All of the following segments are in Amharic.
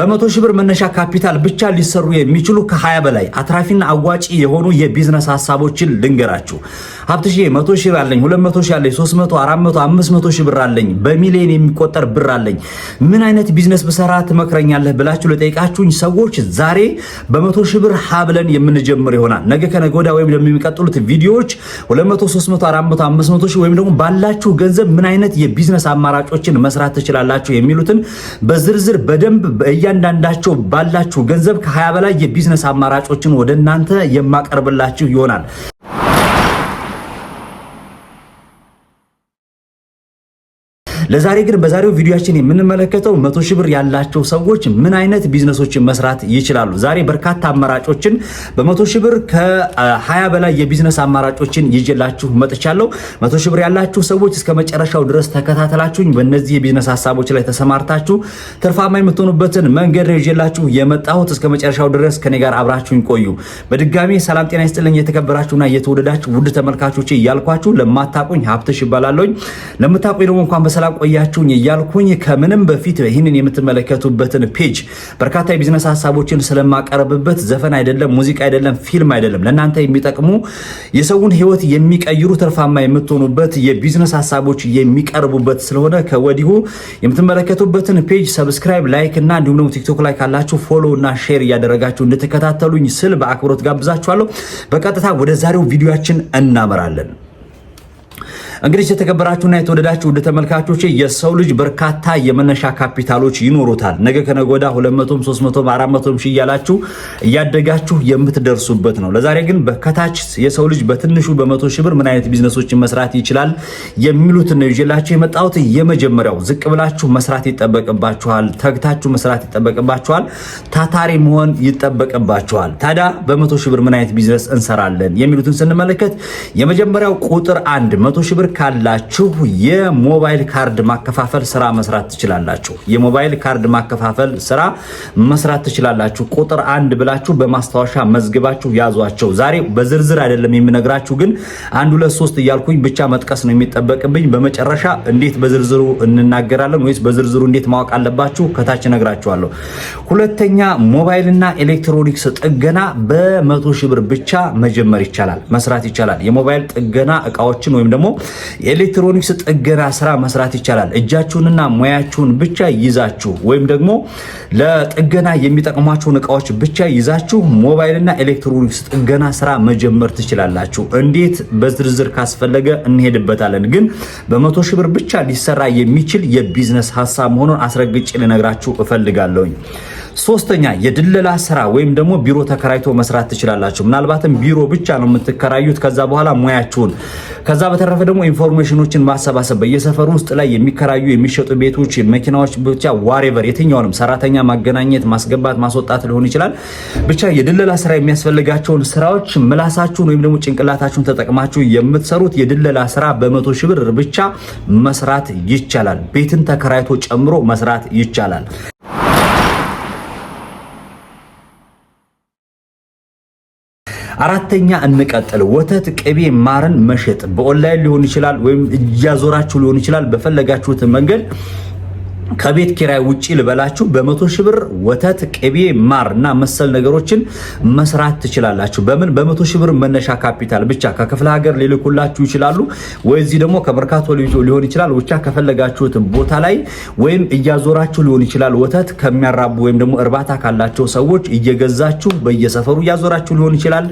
በመቶ ሺህ ብር መነሻ ካፒታል ብቻ ሊሰሩ የሚችሉ ከ20 በላይ አትራፊና አዋጪ የሆኑ የቢዝነስ ሀሳቦችን ልንገራችሁ። ሀብትሽዬ መቶ ሺህ ብር አለኝ፣ ሁለት መቶ ሺህ አለኝ፣ ሶስት መቶ አራት መቶ አምስት መቶ ሺህ ብር አለኝ፣ በሚሊዮን የሚቆጠር ብር አለኝ፣ ምን አይነት ቢዝነስ ብሰራ ትመክረኛለህ ብላችሁ ለጠይቃችሁኝ ሰዎች ዛሬ በመቶ ሺህ ብር ሀብለን የምንጀምር ይሆናል። ነገ ከነገ ወዲያ ወይም ለሚቀጥሉት ቪዲዮዎች ሁለት መቶ ሶስት መቶ አራት መቶ አምስት መቶ ሺህ ወይም ደግሞ ባላችሁ ገንዘብ ምን አይነት የቢዝነስ አማራጮችን መስራት ትችላላችሁ የሚሉትን በዝርዝር በደንብ እያንዳንዳቸው ባላችሁ ገንዘብ ከ20 በላይ የቢዝነስ አማራጮችን ወደ እናንተ የማቀርብላችሁ ይሆናል። ለዛሬ ግን በዛሬው ቪዲዮችን የምንመለከተው መቶ ሺህ ብር ያላቸው ሰዎች ምን አይነት ቢዝነሶችን መስራት ይችላሉ። ዛሬ በርካታ አማራጮችን በመቶ ሺህ ብር ከ20 በላይ የቢዝነስ አማራጮችን ይዤላችሁ መጥቻለሁ። መቶ ሺህ ብር ያላችሁ ሰዎች እስከ መጨረሻው ድረስ ተከታተላችሁኝ በእነዚህ የቢዝነስ ሀሳቦች ላይ ተሰማርታችሁ ትርፋማ የምትሆኑበትን መንገድ ነው ይዤላችሁ የመጣሁት። እስከ መጨረሻው ድረስ ከኔ ጋር አብራችሁኝ ቆዩ። በድጋሚ ሰላም ጤና ይስጥልኝ የተከበራችሁና የተወደዳችሁ ውድ ተመልካቾቼ እያልኳችሁ ለማታቁኝ ሀብትሽ ይባላለሁኝ። ለምታቁኝ ደግሞ እንኳን በሰላም ቆያችሁኝ እያልኩኝ ከምንም በፊት ይህንን የምትመለከቱበትን ፔጅ በርካታ የቢዝነስ ሀሳቦችን ስለማቀርብበት ዘፈን አይደለም፣ ሙዚቃ አይደለም፣ ፊልም አይደለም፣ ለእናንተ የሚጠቅሙ የሰውን ህይወት የሚቀይሩ ትርፋማ የምትሆኑበት የቢዝነስ ሀሳቦች የሚቀርቡበት ስለሆነ ከወዲሁ የምትመለከቱበትን ፔጅ ሰብስክራይብ፣ ላይክ እና እንዲሁም ደግሞ ቲክቶክ ላይ ካላችሁ ፎሎ እና ሼር እያደረጋችሁ እንድትከታተሉኝ ስል በአክብሮት ጋብዛችኋለሁ። በቀጥታ ወደ ዛሬው ቪዲዮችን እናመራለን። እንግዲህ የተከበራችሁና የተወደዳችሁ ውድ ተመልካቾች የሰው ልጅ በርካታ የመነሻ ካፒታሎች ይኖሩታል። ነገ ከነጎዳ 200፣ 300፣ 400 ሺህ እያላችሁ እያደጋችሁ የምትደርሱበት ነው። ለዛሬ ግን በከታች የሰው ልጅ በትንሹ በመቶ ሺህ ብር ምን አይነት ቢዝነሶችን መስራት ይችላል የሚሉትን ነው ይዤላችሁ የመጣሁት። የመጀመሪያው ዝቅ ብላችሁ መስራት ይጠበቅባችኋል። ተግታችሁ መስራት ይጠበቅባችኋል። ታታሪ መሆን ይጠበቅባችኋል። ታዲያ በመቶ ሺህ ብር ምን አይነት ቢዝነስ እንሰራለን የሚሉትን ስንመለከት የመጀመሪያው ቁጥር አንድ መቶ ሺህ ብር ካላችሁ የሞባይል ካርድ ማከፋፈል ስራ መስራት ትችላላችሁ። የሞባይል ካርድ ማከፋፈል ስራ መስራት ትችላላችሁ። ቁጥር አንድ ብላችሁ በማስታወሻ መዝግባችሁ ያዟቸው። ዛሬ በዝርዝር አይደለም የሚነግራችሁ ግን አንድ ሁለት ሶስት እያልኩኝ ብቻ መጥቀስ ነው የሚጠበቅብኝ። በመጨረሻ እንዴት በዝርዝሩ እንናገራለን ወይስ በዝርዝሩ እንዴት ማወቅ አለባችሁ ከታች እነግራችኋለሁ። ሁለተኛ ሞባይልና ኤሌክትሮኒክስ ጥገና በመቶ ሺህ ብር ብቻ መጀመር ይቻላል፣ መስራት ይቻላል። የሞባይል ጥገና እቃዎችን ወይም ደግሞ የኤሌክትሮኒክስ ጥገና ስራ መስራት ይቻላል። እጃችሁንና ሙያችሁን ብቻ ይዛችሁ ወይም ደግሞ ለጥገና የሚጠቅሟቸውን እቃዎች ብቻ ይዛችሁ ሞባይልና ኤሌክትሮኒክስ ጥገና ስራ መጀመር ትችላላችሁ። እንዴት በዝርዝር ካስፈለገ እንሄድበታለን፣ ግን በመቶ ሺህ ብር ብቻ ሊሰራ የሚችል የቢዝነስ ሀሳብ መሆኑን አስረግጬ ልነግራችሁ እፈልጋለሁኝ። ሶስተኛ የድለላ ስራ ወይም ደግሞ ቢሮ ተከራይቶ መስራት ትችላላችሁ። ምናልባትም ቢሮ ብቻ ነው የምትከራዩት ከዛ በኋላ ሙያችሁን። ከዛ በተረፈ ደግሞ ኢንፎርሜሽኖችን ማሰባሰብ በየሰፈሩ ውስጥ ላይ የሚከራዩ የሚሸጡ ቤቶች፣ መኪናዎች ብቻ ዋሬቨር የትኛውንም ሰራተኛ ማገናኘት፣ ማስገባት፣ ማስወጣት ሊሆን ይችላል። ብቻ የድለላ ስራ የሚያስፈልጋቸውን ስራዎች ምላሳችሁን ወይም ደግሞ ጭንቅላታችሁን ተጠቅማችሁ የምትሰሩት የድለላ ስራ በመቶ ሺህ ብር ብቻ መስራት ይቻላል። ቤትን ተከራይቶ ጨምሮ መስራት ይቻላል። አራተኛ እንቀጥል። ወተት፣ ቅቤ፣ ማርን መሸጥ በኦንላይን ሊሆን ይችላል፣ ወይም እያዞራችሁ ሊሆን ይችላል። በፈለጋችሁት መንገድ ከቤት ኪራይ ውጪ ልበላችሁ በመቶ ሺህ ብር ወተት፣ ቅቤ፣ ማር እና መሰል ነገሮችን መስራት ትችላላችሁ። በምን በመቶ ሺህ ብር መነሻ ካፒታል ብቻ ከክፍለ ሀገር ሊልኩላችሁ ይችላሉ። ወይዚህ ደግሞ ከመርካቶ ሊሆን ይችላል። ብቻ ከፈለጋችሁትን ቦታ ላይ ወይም እያዞራችሁ ሊሆን ይችላል። ወተት ከሚያራቡ ወይም ደግሞ እርባታ ካላቸው ሰዎች እየገዛችሁ በየሰፈሩ እያዞራችሁ ሊሆን ይችላል።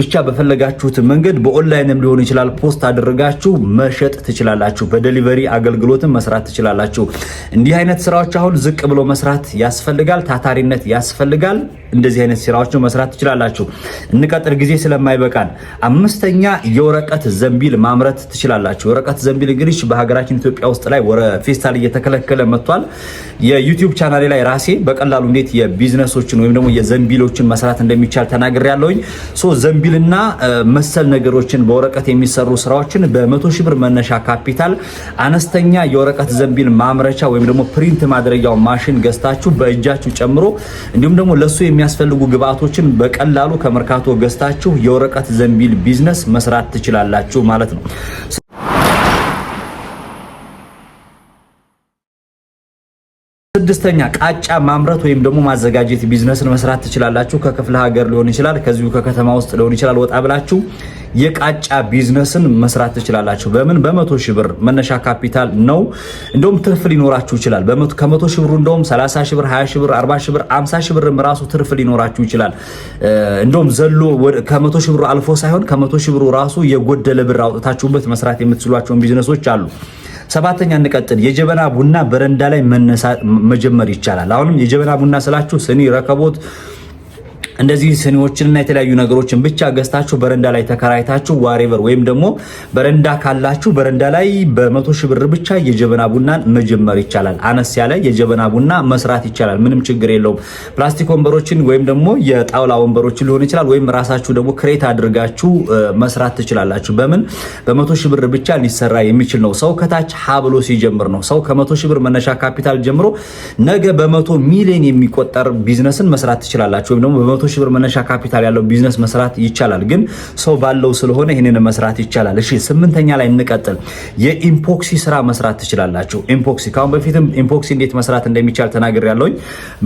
ብቻ በፈለጋችሁትን መንገድ በኦንላይንም ሊሆን ይችላል። ፖስት አድርጋችሁ መሸጥ ትችላላችሁ። በደሊቨሪ አገልግሎትን መስራት ትችላላችሁ። እንዲህ አይነት ስራዎች አሁን ዝቅ ብሎ መስራት ያስፈልጋል፣ ታታሪነት ያስፈልጋል። እንደዚህ አይነት ስራዎች መስራት ትችላላችሁ። እንቀጥል፣ ጊዜ ስለማይበቃን። አምስተኛ የወረቀት ዘንቢል ማምረት ትችላላችሁ። የወረቀት ዘንቢል እንግዲህ በሀገራችን ኢትዮጵያ ውስጥ ላይ ፌስታል እየተከለከለ መጥቷል። የዩቲዩብ ቻናሌ ላይ ራሴ በቀላሉ እንዴት የቢዝነሶችን ወይም ደግሞ የዘንቢሎችን መስራት እንደሚቻል ተናግሬ ያለሁኝ። ዘንቢልና መሰል ነገሮችን በወረቀት የሚሰሩ ስራዎችን በመቶ ሺህ ብር መነሻ ካፒታል አነስተኛ የወረቀት ዘንቢል ማምረቻ ወይም ደግሞ ፕሪንት ማድረጊያው ማሽን ገዝታችሁ በእጃችሁ ጨምሮ እንዲሁም ደግሞ ለሱ የሚያስፈልጉ ግብአቶችን በቀላሉ ከመርካቶ ገዝታችሁ የወረቀት ዘንቢል ቢዝነስ መስራት ትችላላችሁ ማለት ነው። ስድስተኛ ቃጫ ማምረት ወይም ደግሞ ማዘጋጀት ቢዝነስን መስራት ትችላላችሁ። ከክፍለ ሀገር ሊሆን ይችላል፣ ከዚሁ ከከተማ ውስጥ ሊሆን ይችላል። ወጣ ብላችሁ የቃጫ ቢዝነስን መስራት ትችላላችሁ። በምን በመቶ ሺህ ብር መነሻ ካፒታል ነው። እንደውም ትርፍ ሊኖራችሁ ይችላል። ከመቶ ሺህ ብሩ እንደውም 30 ሺህ ብር፣ 20 ሺህ ብር፣ 40 ሺህ ብር፣ 50 ሺህ ብርም ራሱ ትርፍ ሊኖራችሁ ይችላል። እንደውም ዘሎ ከመቶ ሺህ ብሩ አልፎ ሳይሆን ከመቶ ሺህ ብሩ ራሱ የጎደለ ብር አውጥታችሁበት መስራት የምትችሏቸውን ቢዝነሶች አሉ። ሰባተኛ እንቀጥል። የጀበና ቡና በረንዳ ላይ መጀመር ይቻላል። አሁንም የጀበና ቡና ስላችሁ ስኒ፣ ረከቦት እንደዚህ ስኒዎችንና የተለያዩ ነገሮችን ብቻ ገዝታችሁ በረንዳ ላይ ተከራይታችሁ ዋሬቨር ወይም ደግሞ በረንዳ ካላችሁ በረንዳ ላይ በመቶ ሺህ ብር ብቻ የጀበና ቡናን መጀመር ይቻላል። አነስ ያለ የጀበና ቡና መስራት ይቻላል። ምንም ችግር የለውም። ፕላስቲክ ወንበሮችን ወይም ደግሞ የጣውላ ወንበሮችን ሊሆን ይችላል። ወይም ራሳችሁ ደግሞ ክሬት አድርጋችሁ መስራት ትችላላችሁ። በምን በመቶ ሺህ ብር ብቻ ሊሰራ የሚችል ነው። ሰው ከታች ሀ ብሎ ሲጀምር ነው። ሰው ከመቶ ሺህ ብር መነሻ ካፒታል ጀምሮ ነገ በመቶ ሚሊዮን የሚቆጠር ቢዝነስን መስራት ትችላላችሁ። ወይም ደግሞ ሺህ ብር መነሻ ካፒታል ያለው ቢዝነስ መስራት ይቻላል። ግን ሰው ባለው ስለሆነ ይህንን መስራት ይቻላል። እሺ ስምንተኛ ላይ እንቀጥል። የኢምፖክሲ ስራ መስራት ትችላላችሁ። ኢምፖክሲ ከአሁን በፊትም ኢምፖክሲ እንዴት መስራት እንደሚቻል ተናግር ያለውኝ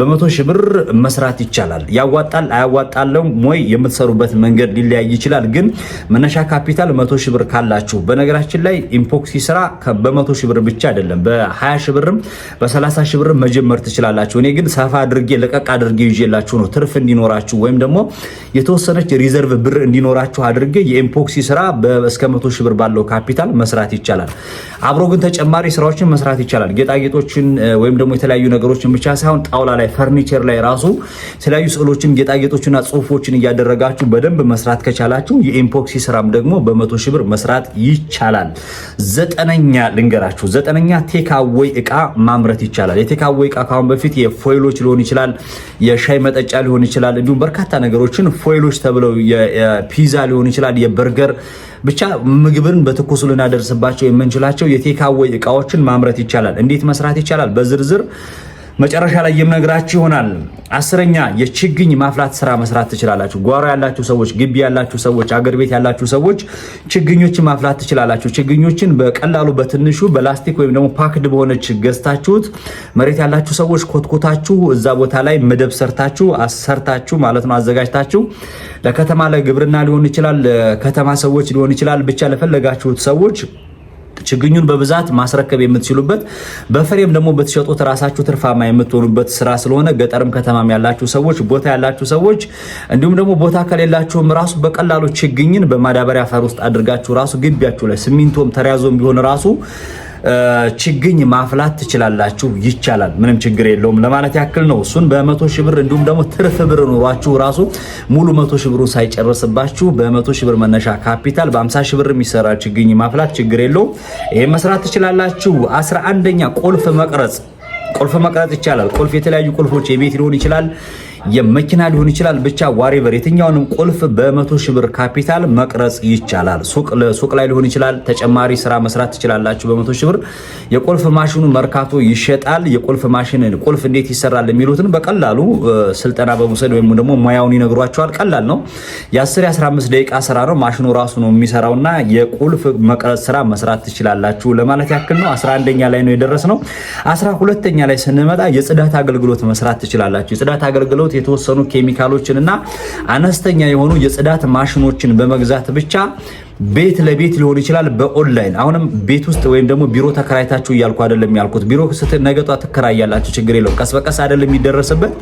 በመቶ ሺህ ብር መስራት ይቻላል። ያዋጣል አያዋጣለው ወይ የምትሰሩበት መንገድ ሊለያይ ይችላል። ግን መነሻ ካፒታል መቶ ሺህ ብር ካላችሁ በነገራችን ላይ ኢምፖክሲ ስራ በመቶ ሺህ ብር ብቻ አይደለም በ20 ሺህ ብርም በ30 ሺህ ብርም መጀመር ትችላላችሁ። እኔ ግን ሰፋ አድርጌ ለቀቅ አድርጌ ይዤላችሁ ነው ትርፍ እንዲኖራችሁ እንዲኖራችሁ ወይም ደግሞ የተወሰነች ሪዘርቭ ብር እንዲኖራችሁ አድርጌ የኢምፖክሲ ስራ እስከ መቶ ሺህ ብር ባለው ካፒታል መስራት ይቻላል። አብሮ ግን ተጨማሪ ስራዎችን መስራት ይቻላል። ጌጣጌጦችን ወይም ደግሞ የተለያዩ ነገሮችን ብቻ ሳይሆን ጣውላ ላይ፣ ፈርኒቸር ላይ ራሱ የተለያዩ ስዕሎችን፣ ጌጣጌጦችና ጽሁፎችን እያደረጋችሁ በደንብ መስራት ከቻላችሁ የኢምፖክሲ ስራም ደግሞ በመቶ ሺህ ብር መስራት ይቻላል። ዘጠነኛ ልንገራችሁ፣ ዘጠነኛ ቴካዌይ እቃ ማምረት ይቻላል። የቴካዌይ እቃ ካሁን በፊት የፎይሎች ሊሆን ይችላል፣ የሻይ መጠጫ ሊሆን ይችላል እንዲሁ እንዲሁም በርካታ ነገሮችን ፎይሎች ተብለው የፒዛ ሊሆን ይችላል፣ የበርገር ብቻ ምግብን በትኩሱ ልናደርስባቸው የምንችላቸው የቴካዌ እቃዎችን ማምረት ይቻላል። እንዴት መስራት ይቻላል? በዝርዝር መጨረሻ ላይ የምነግራችሁ ይሆናል። አስረኛ የችግኝ ማፍላት ስራ መስራት ትችላላችሁ። ጓሮ ያላችሁ ሰዎች፣ ግቢ ያላችሁ ሰዎች፣ አገር ቤት ያላችሁ ሰዎች ችግኞችን ማፍላት ትችላላችሁ። ችግኞችን በቀላሉ በትንሹ በላስቲክ ወይም ደግሞ ፓክድ በሆነች ገዝታችሁት መሬት ያላችሁ ሰዎች ኮትኮታችሁ እዛ ቦታ ላይ መደብ ሰርታችሁ አሰርታችሁ ማለት ነው አዘጋጅታችሁ ለከተማ ለግብርና ሊሆን ይችላል፣ ለከተማ ሰዎች ሊሆን ይችላል፣ ብቻ ለፈለጋችሁት ሰዎች ችግኙን በብዛት ማስረከብ የምትችሉበት በፍሬም ደግሞ በተሸጡት ራሳችሁ ትርፋማ የምትሆኑበት ስራ ስለሆነ ገጠርም ከተማም ያላችሁ ሰዎች ቦታ ያላችሁ ሰዎች እንዲሁም ደግሞ ቦታ ከሌላችሁም ራሱ በቀላሉ ችግኝን በማዳበሪያ አፈር ውስጥ አድርጋችሁ ራሱ ግቢያችሁ ላይ ሲሚንቶም ተሪያዞም ቢሆን ራሱ ችግኝ ማፍላት ትችላላችሁ። ይቻላል፣ ምንም ችግር የለውም ለማለት ያክል ነው። እሱን በመቶ ሺህ ብር እንዲሁም ደግሞ ትርፍ ብር ኑሯችሁ ራሱ ሙሉ መቶ ሺህ ብሩ ሳይጨርስባችሁ በመቶ ሺህ ብር መነሻ ካፒታል በአምሳ ሺህ ብር የሚሰራ ችግኝ ማፍላት ችግር የለውም። ይህ መስራት ትችላላችሁ። አስራ አንደኛ ቁልፍ መቅረጽ ቁልፍ መቅረጽ ይቻላል። ቁልፍ የተለያዩ ቁልፎች የቤት ሊሆን ይችላል የመኪና ሊሆን ይችላል። ብቻ ዋሬቨር የትኛውንም ቁልፍ በመቶ ሺህ ብር ካፒታል መቅረጽ ይቻላል። ሱቅ ለሱቅ ላይ ሊሆን ይችላል። ተጨማሪ ስራ መስራት ትችላላችሁ በመቶ ሺህ ብር። የቁልፍ ማሽኑ መርካቶ ይሸጣል። የቁልፍ ማሽን ቁልፍ እንዴት ይሰራል የሚሉትን በቀላሉ ስልጠና በመውሰድ ወይም ደግሞ ሙያውን ይነግሯቸዋል። ቀላል ነው። የ10 15 ደቂቃ ስራ ነው። ማሽኑ ራሱ ነው የሚሰራውና የቁልፍ መቅረጽ ስራ መስራት ትችላላችሁ ለማለት ያክል ነው። 11ኛ ላይ ነው የደረስነው። 12ኛ ላይ ስንመጣ የጽዳት አገልግሎት መስራት ትችላላችሁ። የጽዳት አገልግሎት የሚሰሩት የተወሰኑ ኬሚካሎችን እና አነስተኛ የሆኑ የጽዳት ማሽኖችን በመግዛት ብቻ ቤት ለቤት ሊሆን ይችላል። በኦንላይን አሁንም ቤት ውስጥ ወይም ደግሞ ቢሮ ተከራይታችሁ እያልኩ አይደለም ያልኩት። ቢሮ ነገ ጧት ትከራያላችሁ፣ ችግር የለው ቀስ በቀስ አይደለም የሚደረስበት።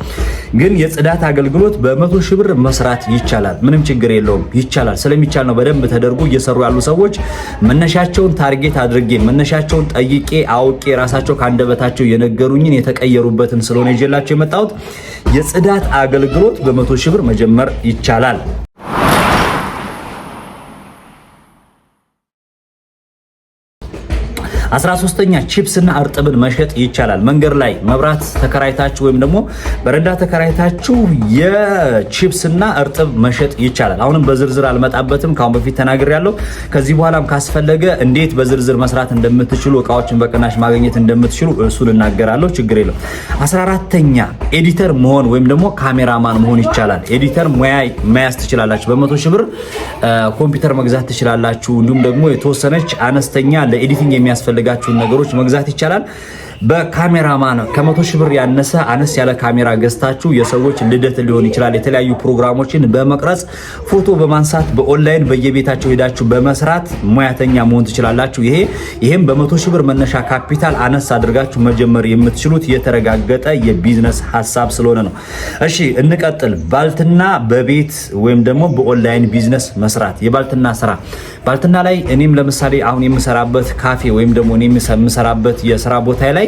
ግን የጽዳት አገልግሎት በመቶ ሺህ ብር መስራት ይቻላል። ምንም ችግር የለውም፣ ይቻላል። ስለሚቻል ነው በደንብ ተደርጎ እየሰሩ ያሉ ሰዎች መነሻቸውን ታርጌት አድርጌ መነሻቸውን ጠይቄ አውቄ ራሳቸው ከአንደበታቸው የነገሩኝን የተቀየሩበትን ስለሆነ ይዤላቸው የመጣሁት የጽዳት አገልግሎት በመቶ ሺህ ብር መጀመር ይቻላል። አስራሶስተኛ ኛ ቺፕስና እርጥብን መሸጥ ይቻላል። መንገድ ላይ መብራት ተከራይታችሁ ወይም ደግሞ በረዳ ተከራይታችሁ የቺፕስና እርጥብ መሸጥ ይቻላል። አሁንም በዝርዝር አልመጣበትም፣ ካሁን በፊት ያለው ከዚህ በኋላም ካስፈለገ እንዴት በዝርዝር መስራት እንደምትችሉ እቃዎችን በቅናሽ ማግኘት እንደምትችሉ እሱን እናገራለሁ። ችግር የለም። ኤዲተር መሆን ወይም ደግሞ ካሜራማን መሆን ይቻላል። ኤዲተር ሙያ መያዝ ትችላላችሁ። በመቶ ሺህ ብር ኮምፒውተር መግዛት ትችላላችሁ። እንዲሁም ደግሞ የተወሰነች አነስተኛ ለኤዲቲንግ የሚያስፈልግ የሚያስፈልጋችሁን ነገሮች መግዛት ይቻላል። በካሜራማን ከመቶ ሺህ ብር ያነሰ አነስ ያለ ካሜራ ገዝታችሁ የሰዎች ልደት ሊሆን ይችላል፣ የተለያዩ ፕሮግራሞችን በመቅረጽ ፎቶ በማንሳት በኦንላይን በየቤታቸው ሄዳችሁ በመስራት ሙያተኛ መሆን ትችላላችሁ። ይሄ ይህም በመቶ ሺህ ብር መነሻ ካፒታል አነስ አድርጋችሁ መጀመር የምትችሉት የተረጋገጠ የቢዝነስ ሀሳብ ስለሆነ ነው። እሺ እንቀጥል። ባልትና በቤት ወይም ደግሞ በኦንላይን ቢዝነስ መስራት የባልትና ስራ ባልትና ላይ እኔም ለምሳሌ አሁን የምሰራበት ካፌ ወይም ደግሞ እኔ የምሰራበት የስራ ቦታ ላይ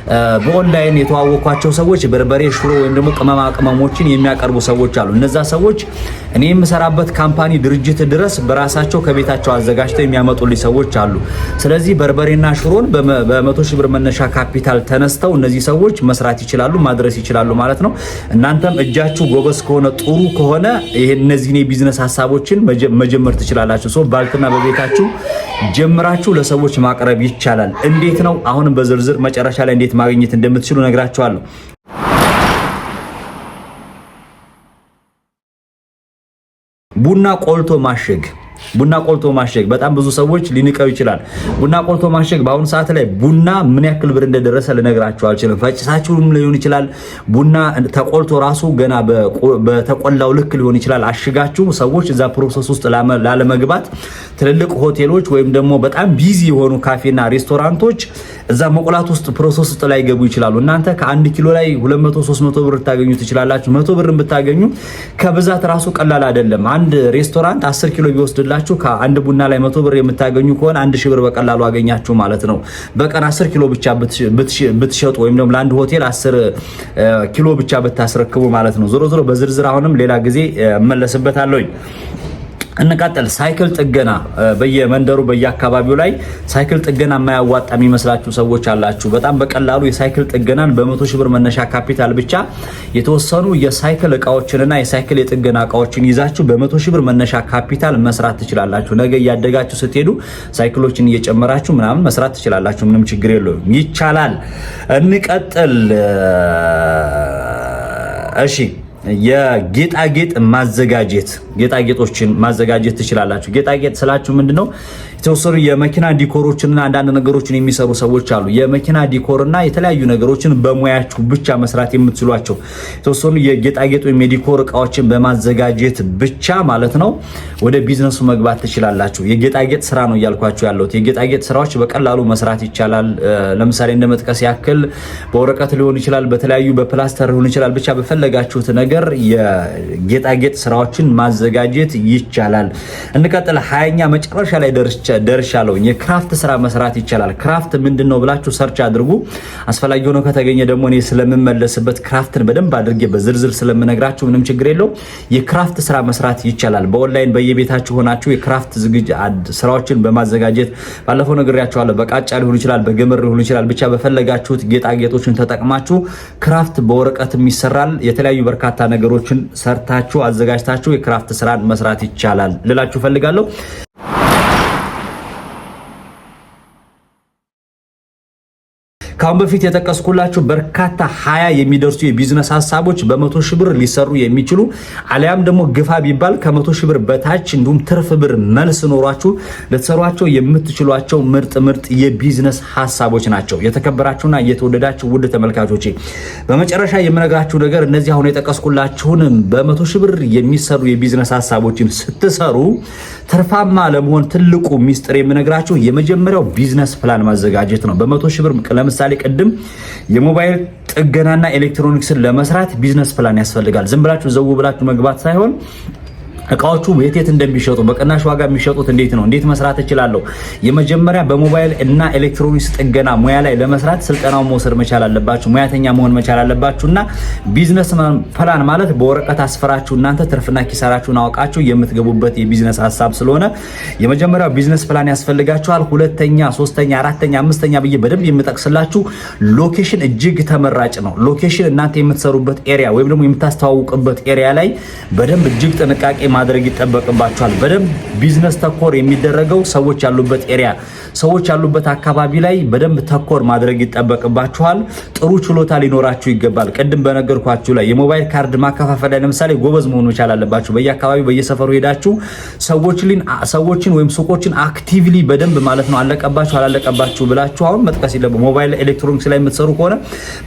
በኦንላይን የተዋወቅኳቸው ሰዎች በርበሬ፣ ሽሮ ወይም ደግሞ ቅመማ ቅመሞችን የሚያቀርቡ ሰዎች አሉ። እነዛ ሰዎች እኔ የምሰራበት ካምፓኒ ድርጅት ድረስ በራሳቸው ከቤታቸው አዘጋጅተው የሚያመጡልኝ ሰዎች አሉ። ስለዚህ በርበሬና ሽሮን በመቶ ሺህ ብር መነሻ ካፒታል ተነስተው እነዚህ ሰዎች መስራት ይችላሉ፣ ማድረስ ይችላሉ ማለት ነው። እናንተም እጃችሁ ጎበዝ ከሆነ ጥሩ ከሆነ እነዚህን የቢዝነስ ሀሳቦችን መጀመር ትችላላችሁ። ሶ ባልትና በቤታችሁ ጀምራችሁ ለሰዎች ማቅረብ ይቻላል። እንዴት ነው አሁንም በዝርዝር መጨረሻ ላይ እንዴት ውጤት ማግኘት እንደምትችሉ ነግራችኋለሁ። ቡና ቆልቶ ማሸግ ቡና ቆልቶ ማሸግ በጣም ብዙ ሰዎች ሊንቀው ይችላል። ቡና ቆልቶ ማሸግ በአሁኑ ሰዓት ላይ ቡና ምን ያክል ብር እንደደረሰ ልነግራችሁ አልችልም። ፈጭታችሁም ሊሆን ይችላል። ቡና ተቆልቶ ራሱ ገና በተቆላው ልክ ሊሆን ይችላል። አሽጋችሁ ሰዎች እዛ ፕሮሰስ ውስጥ ላለመግባት ትልልቅ ሆቴሎች ወይም ደግሞ በጣም ቢዚ የሆኑ ካፌና ሬስቶራንቶች እዛ መቁላት ውስጥ ፕሮሰስ ውስጥ ላይ ገቡ ይችላሉ። እናንተ ከአንድ ኪሎ ላይ 200 300 ብር ልታገኙ ትችላላችሁ። 100 ብር ብታገኙ ከብዛት ራሱ ቀላል አይደለም። አንድ ሬስቶራንት 10 ኪሎ ቢወስድላችሁ ከአንድ ቡና ላይ 100 ብር የምታገኙ ከሆነ አንድ ሺህ ብር በቀላሉ አገኛችሁ ማለት ነው። በቀን 10 ኪሎ ብቻ ብትሸጡ ወይም ደግሞ ለአንድ ሆቴል 10 ኪሎ ብቻ ብታስረክቡ ማለት ነው። ዞሮ ዞሮ በዝርዝር አሁንም ሌላ ጊዜ እመለስበታለሁኝ። እንቀጥል። ሳይክል ጥገና በየመንደሩ በየአካባቢው ላይ ሳይክል ጥገና የማያዋጣ የሚመስላችሁ ሰዎች አላችሁ። በጣም በቀላሉ የሳይክል ጥገናን በመቶ ሺህ ብር መነሻ ካፒታል ብቻ የተወሰኑ የሳይክል እቃዎችንና የሳይክል የጥገና እቃዎችን ይዛችሁ በመቶ ሺህ ብር መነሻ ካፒታል መስራት ትችላላችሁ። ነገ እያደጋችሁ ስትሄዱ ሳይክሎችን እየጨመራችሁ ምናምን መስራት ትችላላችሁ። ምንም ችግር የለውም። ይቻላል። እንቀጥል። እሺ የጌጣጌጥ ማዘጋጀት ጌጣጌጦችን ማዘጋጀት ትችላላችሁ። ጌጣጌጥ ስላችሁ ምንድነው የተወሰኑ የመኪና ዲኮሮችንና አንዳንድ ነገሮችን የሚሰሩ ሰዎች አሉ። የመኪና ዲኮርና የተለያዩ ነገሮችን በሙያችሁ ብቻ መስራት የምትችሏቸው የተወሰኑ የጌጣጌጥ ወይም የዲኮር እቃዎችን በማዘጋጀት ብቻ ማለት ነው ወደ ቢዝነሱ መግባት ትችላላችሁ። የጌጣጌጥ ስራ ነው እያልኳቸው ያለሁት። የጌጣጌጥ ስራዎች በቀላሉ መስራት ይቻላል። ለምሳሌ እንደመጥቀስ ያክል በወረቀት ሊሆን ይችላል፣ በተለያዩ በፕላስተር ሊሆን ይችላል። ብቻ በፈለጋችሁት ነገር የጌጣጌጥ ስራዎችን ማዘጋጀት ይቻላል። እንቀጥል። ሀያኛ መጨረሻ ላይ ደርስ ደርሻለሁኝ። የክራፍት ስራ መስራት ይቻላል። ክራፍት ምንድን ነው ብላችሁ ሰርች አድርጉ። አስፈላጊ ሆኖ ከተገኘ ደግሞ እኔ ስለምመለስበት ክራፍትን በደንብ አድርጌ በዝርዝር ስለምነግራችሁ ምንም ችግር የለው የክራፍት ስራ መስራት ይቻላል። በኦንላይን በየቤታችሁ ሆናችሁ የክራፍት ዝግጅ ስራዎችን በማዘጋጀት ባለፈው ነግሬያችኋለሁ። በቃጫ ሊሆን ይችላል፣ በገመር ሊሆን ይችላል። ብቻ በፈለጋችሁት ጌጣጌጦችን ተጠቅማችሁ ክራፍት በወረቀትም ይሰራል። የተለያዩ በርካታ ነገሮችን ሰርታችሁ አዘጋጅታችሁ የክራፍት ስራን መስራት ይቻላል ልላችሁ ፈልጋለሁ። ከአሁን በፊት የጠቀስኩላችሁ በርካታ ሀያ የሚደርሱ የቢዝነስ ሀሳቦች በመቶ ሺህ ብር ሊሰሩ የሚችሉ አሊያም ደግሞ ግፋ ቢባል ከመቶ ሺህ ብር በታች እንዲሁም ትርፍ ብር መልስ ኖሯችሁ ልትሰሯቸው የምትችሏቸው ምርጥ ምርጥ የቢዝነስ ሀሳቦች ናቸው። የተከበራችሁና የተወደዳችሁ ውድ ተመልካቾቼ በመጨረሻ የምነግራችሁ ነገር እነዚህ አሁን የጠቀስኩላችሁን በመቶ ሺህ ብር የሚሰሩ የቢዝነስ ሀሳቦችን ስትሰሩ ትርፋማ ለመሆን ትልቁ ሚስጥር የምነግራችሁ የመጀመሪያው ቢዝነስ ፕላን ማዘጋጀት ነው። በመቶ ሺህ ብር ለምሳሌ ቅድም የሞባይል ጥገናና ኤሌክትሮኒክስን ለመስራት ቢዝነስ ፕላን ያስፈልጋል። ዝም ብላችሁ ዘው ብላችሁ መግባት ሳይሆን እቃዎቹ የት የት እንደሚሸጡ በቅናሽ ዋጋ የሚሸጡት እንዴት ነው፣ እንዴት መስራት እችላለሁ? የመጀመሪያ በሞባይል እና ኤሌክትሮኒክስ ጥገና ሙያ ላይ ለመስራት ስልጠናው መውሰድ መቻል አለባችሁ። ሙያተኛ መሆን መቻል አለባችሁ እና ቢዝነስ ፕላን ማለት በወረቀት አስፈራችሁ እናንተ ትርፍና ኪሳራችሁን አውቃችሁ የምትገቡበት የቢዝነስ ሀሳብ ስለሆነ የመጀመሪያው ቢዝነስ ፕላን ያስፈልጋችኋል። ሁለተኛ፣ ሶስተኛ፣ አራተኛ፣ አምስተኛ ብዬ በደንብ የምጠቅስላችሁ ሎኬሽን እጅግ ተመራጭ ነው። ሎኬሽን እናንተ የምትሰሩበት ኤሪያ ወይም ደግሞ የምታስተዋውቅበት ኤሪያ ላይ በደንብ እጅግ ጥንቃቄ ማድረግ ይጠበቅባቸዋል። በደንብ ቢዝነስ ተኮር የሚደረገው ሰዎች ያሉበት ኤሪያ ሰዎች ያሉበት አካባቢ ላይ በደንብ ተኮር ማድረግ ይጠበቅባችኋል። ጥሩ ችሎታ ሊኖራችሁ ይገባል። ቅድም በነገርኳችሁ ላይ የሞባይል ካርድ ማከፋፈል ላይ ለምሳሌ ጎበዝ መሆን መቻል አለባችሁ። በየአካባቢው በየሰፈሩ ሄዳችሁ ሰዎችን ወይም ሱቆችን አክቲቭሊ በደንብ ማለት ነው አለቀባችሁ አላለቀባችሁ ብላችሁ አሁን መጥቀስ የለ ሞባይል ኤሌክትሮኒክስ ላይ የምትሰሩ ከሆነ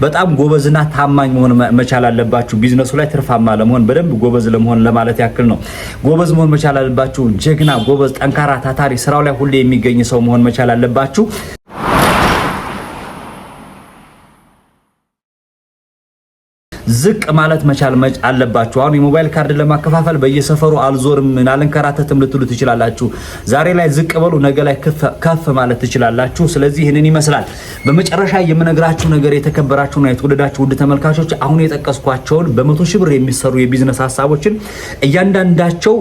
በጣም ጎበዝና ታማኝ መሆን መቻል አለባችሁ። ቢዝነሱ ላይ ትርፋማ ለመሆን በደንብ ጎበዝ ለመሆን ለማለት ያክል ነው። ጎበዝ መሆን መቻል አለባችሁ። ጀግና፣ ጎበዝ፣ ጠንካራ፣ ታታሪ ስራው ላይ ሁሌ የሚገኝ ሰው መሆን መቻል አለባችሁ። ዝቅ ማለት መቻል አለባችሁ። አሁን የሞባይል ካርድ ለማከፋፈል በየሰፈሩ አልዞርም አልንከራተትም ልትሉ ትችላላችሁ። ዛሬ ላይ ዝቅ በሉ፣ ነገ ላይ ከፍ ማለት ትችላላችሁ። ስለዚህ ይህንን ይመስላል። በመጨረሻ የምነግራችሁ ነገር የተከበራችሁና የተወደዳችሁ ውድ ተመልካቾች አሁን የጠቀስኳቸውን በመቶ ሺህ ብር የሚሰሩ የቢዝነስ ሀሳቦችን እያንዳንዳቸው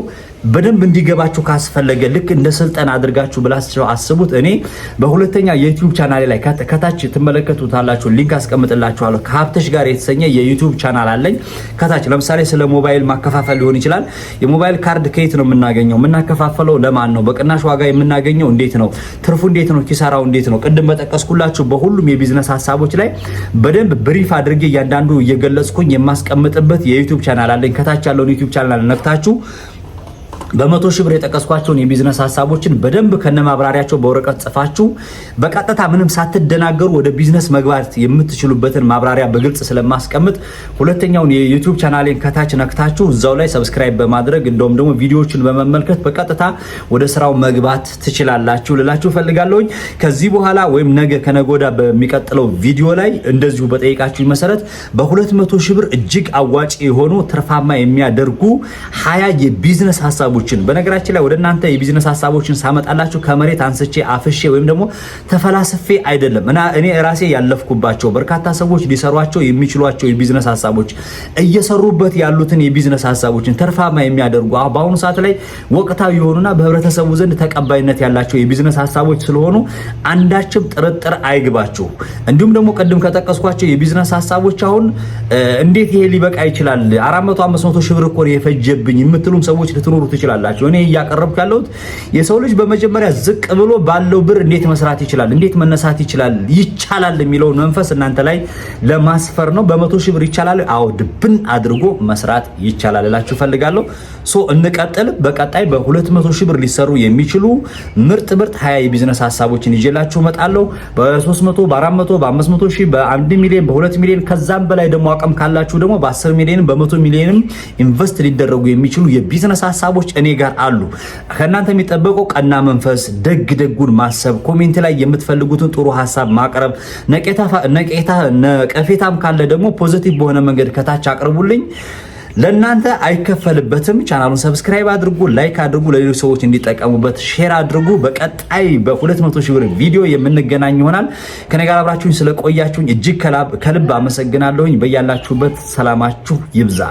በደንብ እንዲገባችሁ ካስፈለገ ልክ እንደ ስልጠና አድርጋችሁ ብላችሁ አስቡት። እኔ በሁለተኛ የዩቲዩብ ቻናሌ ላይ ከታች ትመለከቱታላችሁ፣ ሊንክ አስቀምጥላችኋለሁ። ከሀብተሽ ጋር የተሰኘ የዩቲዩብ ቻናል አለኝ። ከታች ለምሳሌ ስለ ሞባይል ማከፋፈል ሊሆን ይችላል። የሞባይል ካርድ ከየት ነው የምናገኘው? የምናከፋፈለው ለማን ነው? በቅናሽ ዋጋ የምናገኘው እንዴት ነው? ትርፉ እንዴት ነው? ኪሳራው እንዴት ነው? ቅድም በጠቀስኩላችሁ በሁሉም የቢዝነስ ሀሳቦች ላይ በደንብ ብሪፍ አድርጌ እያንዳንዱ እየገለጽኩኝ የማስቀምጥበት የዩቲዩብ ቻናል አለኝ። ከታች ያለውን ዩቲዩብ ቻናል ነክታችሁ በመቶ ሺህ ብር የጠቀስኳቸውን የቢዝነስ ሀሳቦችን በደንብ ከነማብራሪያቸው በወረቀት ጽፋችሁ በቀጥታ ምንም ሳትደናገሩ ወደ ቢዝነስ መግባት የምትችሉበትን ማብራሪያ በግልጽ ስለማስቀምጥ ሁለተኛውን የዩቲዩብ ቻናሌን ከታች ነክታችሁ እዛው ላይ ሰብስክራይብ በማድረግ እንደውም ደግሞ ቪዲዮዎችን በመመልከት በቀጥታ ወደ ስራው መግባት ትችላላችሁ ልላችሁ ፈልጋለሁኝ። ከዚህ በኋላ ወይም ነገ ከነጎዳ በሚቀጥለው ቪዲዮ ላይ እንደዚሁ በጠይቃችሁኝ መሰረት በ መቶ ሺህ ብር እጅግ አዋጭ የሆኑ ትርፋማ የሚያደርጉ ሀያ የቢዝነስ ሀሳቦች ሀሳቦችን በነገራችን ላይ ወደ እናንተ የቢዝነስ ሀሳቦችን ሳመጣላችሁ ከመሬት አንስቼ አፍሼ ወይም ደግሞ ተፈላስፌ አይደለም እና እኔ ራሴ ያለፍኩባቸው በርካታ ሰዎች ሊሰሯቸው የሚችሏቸው የቢዝነስ ሀሳቦች እየሰሩበት ያሉትን የቢዝነስ ሀሳቦችን ተርፋማ የሚያደርጉ በአሁኑ ሰዓት ላይ ወቅታዊ የሆኑና በህብረተሰቡ ዘንድ ተቀባይነት ያላቸው የቢዝነስ ሀሳቦች ስለሆኑ አንዳችም ጥርጥር አይግባችሁ። እንዲሁም ደግሞ ቅድም ከጠቀስኳቸው የቢዝነስ ሀሳቦች አሁን እንዴት ይሄ ሊበቃ ይችላል 400 500 ሺህ ብር እኮ የፈጀብኝ የምትሉም ሰዎች ልትኖሩ ትችላል ትችላላችሁ። እኔ እያቀረብኩ ያለሁት የሰው ልጅ በመጀመሪያ ዝቅ ብሎ ባለው ብር እንዴት መስራት ይችላል፣ እንዴት መነሳት ይችላል፣ ይቻላል የሚለውን መንፈስ እናንተ ላይ ለማስፈር ነው። በመቶ ሺህ ብር ይቻላል፣ አዎ ድብን አድርጎ መስራት ይቻላል እላችሁ ፈልጋለሁ። ሶ እንቀጥል። በቀጣይ በ200 ሺህ ብር ሊሰሩ የሚችሉ ምርጥ ምርጥ ሀያ የቢዝነስ ሀሳቦችን ይዤላችሁ እመጣለሁ። በ300 በ400 በ500 ሺህ በ1 ሚሊዮን በ2 ሚሊዮን ከዛም በላይ ደግሞ አቅም ካላችሁ ደግሞ በ10 ሚሊዮን በ100 ሚሊዮንም ኢንቨስት ሊደረጉ የሚችሉ የቢዝነስ ሀሳቦች እኔ ጋር አሉ። ከእናንተ የሚጠበቀው ቀና መንፈስ፣ ደግ ደጉን ማሰብ፣ ኮሜንት ላይ የምትፈልጉትን ጥሩ ሀሳብ ማቅረብ፣ ነቀፌታም ካለ ደግሞ ፖዘቲቭ በሆነ መንገድ ከታች አቅርቡልኝ። ለእናንተ አይከፈልበትም። ቻናሉን ሰብስክራይብ አድርጉ፣ ላይክ አድርጉ፣ ለሌሎች ሰዎች እንዲጠቀሙበት ሼር አድርጉ። በቀጣይ በ200 ሺህ ብር ቪዲዮ የምንገናኝ ይሆናል። ከኔ ጋር አብራችሁኝ ስለቆያችሁኝ እጅግ ከልብ አመሰግናለሁኝ። በያላችሁበት ሰላማችሁ ይብዛ።